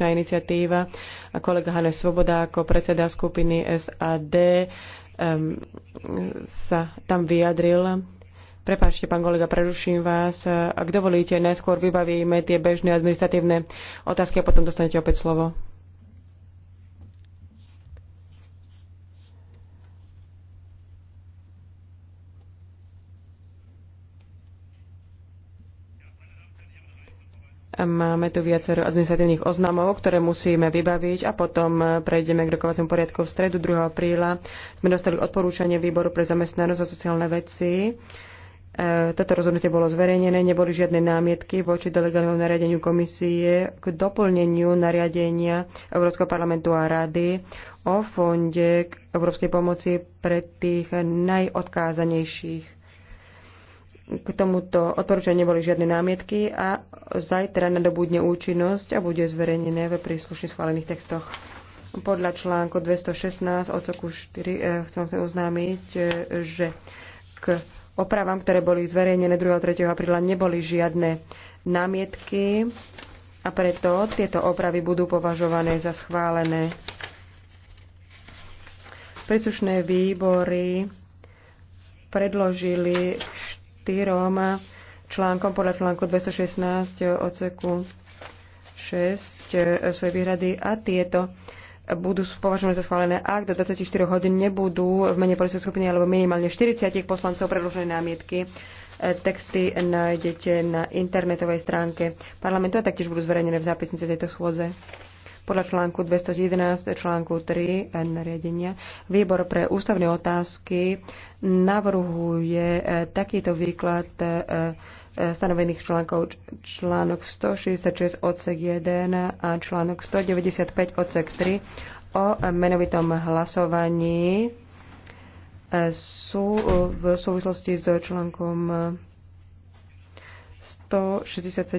spoločná iniciatíva a kolega Hane Svoboda ako predseda skupiny SAD um, sa tam vyjadril. Prepáčte, pán kolega, preruším vás. Ak dovolíte, najskôr vybavíme tie bežné administratívne otázky a potom dostanete opäť slovo. Máme tu viacero administratívnych oznamov, ktoré musíme vybaviť a potom eh, prejdeme k rokovaciemu poriadku. V stredu 2. apríla sme dostali odporúčanie výboru pre zamestnanosť a sociálne veci. Eh, toto rozhodnutie bolo zverejnené, neboli žiadne námietky voči delegálnemu nariadeniu komisie k doplneniu nariadenia Európskeho parlamentu a rady o fonde Európskej pomoci pre tých najodkázanejších k tomuto odporúčaniu neboli žiadne námietky a zajtra nadobudne účinnosť a bude zverejnené v príslušne schválených textoch. Podľa článku 216 odsoku 4 chcem sa oznámiť, eh, že k opravám, ktoré boli zverejnené 2. a 3. apríla, neboli žiadne námietky a preto tieto opravy budú považované za schválené. Príslušné výbory predložili štyrom článkom podľa článku 216 odseku 6 e, svoje výhrady a tieto budú považované za schválené, ak do 24 hodín nebudú v mene politickej skupiny alebo minimálne 40 poslancov predložené námietky. E, texty nájdete na internetovej stránke parlamentu a taktiež budú zverejnené v zápisnice tejto schôze. Podľa článku 211, článku 3 e, nariadenia, výbor pre ústavné otázky navrhuje takýto výklad stanovených článkov článok 166 odsek 1 a článok 195 odsek 3 o menovitom hlasovaní e, sú v súvislosti s článkom 167